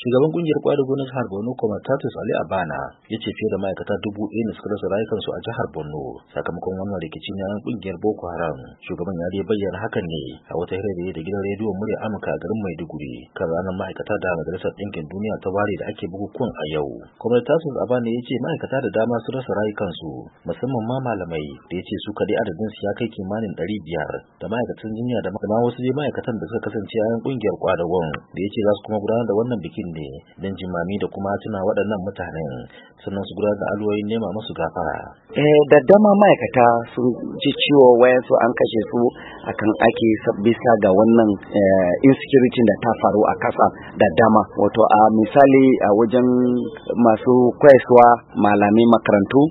shugaban kungiyar kwadago na jihar borno tatus ali abana ya ce fiye da ma'aikata dubu ɗaya ne suka rasa rayukansu a jihar borno sakamakon wannan rikici na yan kungiyar boko haram shugaban ya dai bayyana hakan ne a wata hira da gidan rediyo murya amurka a garin maiduguri kan ranar ma'aikata da majalisar ɗinkin duniya ta ware da ake bukukuwan a yau tatus abana ya ce ma'aikata da dama su rasa rayukansu musamman ma malamai da ya ce su kaɗai adadin su ya kai kimanin ɗari biyar da ma'aikatan jinya da ma wasu dai ma'aikatan da suka kasance a yan kungiyar kwadagon da ya ce za su kuma gudanar da wannan biki aikin ne don jimami da kuma tuna waɗannan mutanen sannan su gudanar da alwoyin nema musu gafara. Eh da dama ma'aikata sun ji ciwo wayansu an kashe su akan ake bisa ga wannan eh, insecurity da ta faru a kasa da dama wato a misali a wajen masu kwaiswa malami makarantu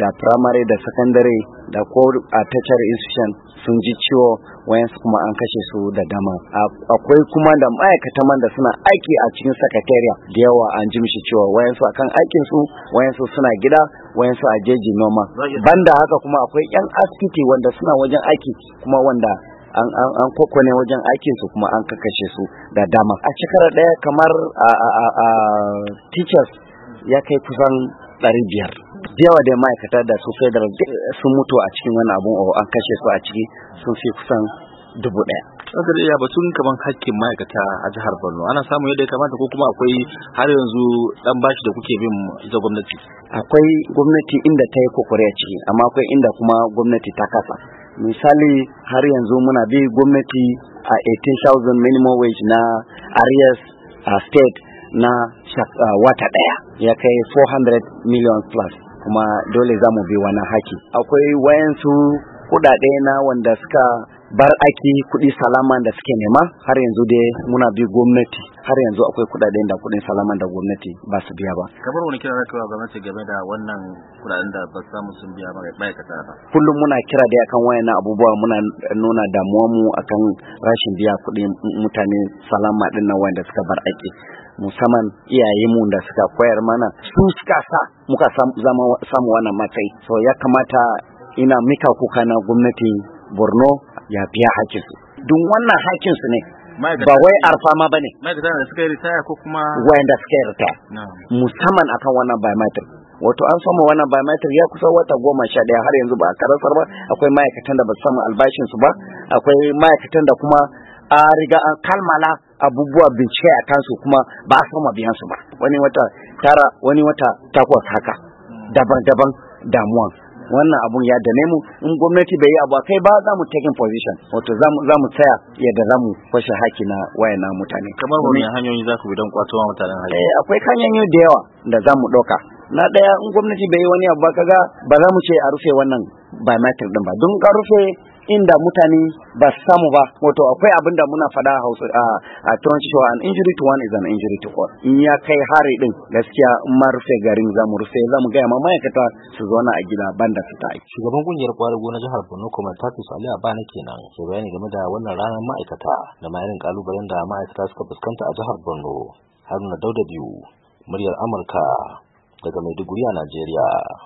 da primary da secondary da ko a teacher institution sun ji ciwo wayansu kuma an kashe su da dama akwai kuma da ma'aikata man da suna aiki a cikin sakatariya da yawa an ji mishi wayan wayansu akan aikin su wayansu suna gida wayansu a jeji noma banda haka kuma akwai yan asibiti wanda suna wajen aiki kuma wanda an kokone wajen aikin su kuma an kakashe su da dama a shekara daya kamar a teachers ya kai kusan 500 da yawa da ma'aikata da su federal sun mutu a cikin wani abun oh, an kashe su a ciki sun fi kusan dubu ɗaya. Sadar iya batun kamar hakkin ma'aikata a jihar Borno ana samun yadda ya kamata ko kuma akwai har yanzu dan bashi da kuke bin ita gwamnati. Akwai gwamnati inda ta yi kokore a ciki amma akwai inda kuma gwamnati ta kasa. misali har yanzu muna bi gwamnati a 18,000 minimum wage na arias a uh, state na uh, wata daya ya kai 400 million plus kuma dole za mu bi wani haki akwai wayansu kudade na wanda suka Bar aiki kuɗi salaman da suke nema har yanzu dai muna bi gwamnati har yanzu akwai kuɗaɗen da kuɗin salaman da gwamnati ba su biya ba kamar wani kira zaka gwamnati game da wannan kuɗaɗen da ba samu sun biya ba ma'aikata ba kullum muna kira dai akan na abubuwa muna nuna damuwa mu akan rashin biya kuɗin mutane salama ɗin nan wanda suka bar aiki musamman iyaye mu da suka koyar mana su suka sa muka samu wannan matsayi so ya kamata ina mika kuka na gwamnati borno ya biya hakinsu duk wannan hakinsu ne ba wai arfama bane. da suka yi ritaya ko kuma wanda suka yi musamman akan wannan biometric wato an samu wannan biometric ya kusa wata goma sha ɗaya har yanzu ba a karasar ba akwai ma'aikatan da ba su samu albashinsu ba akwai ma'aikatan da kuma a riga an kalmala abubuwa bincike a kansu kuma ba a samu biyan su ba wani wata tara wani wata takwas haka daban-daban damuwan wannan abun ya dane mu in gwamnati bai yi abu kai ba za mu taking position wato za mu tsaya yadda za mu kwashe haki na wayana mutane kamar wani hanyoyi za ku bi don kwato wa mutanen haki eh akwai hanyoyi da yawa da za mu ɗauka na ɗaya in gwamnati bai yi wani abu ba kaga ba za mu ce a rufe wannan biometric din ba don ka rufe inda mutane ba samu ba wato akwai abin da muna faɗa a a turanci cewa an injury to one is an injury to all in ya kai hari din gaskiya in ma rufe garin za mu rufe za mu gaya ma ma'aikata su zauna a gida banda fita aiki. shugaban kungiyar kwari na jihar borno kuma tatus a abana kenan ke bayani game da wannan ranar ma'aikata da ma irin kalubalen da ma'aikata suka fuskanta a jihar borno haruna dauda biyu muryar amurka daga maiduguri a najeriya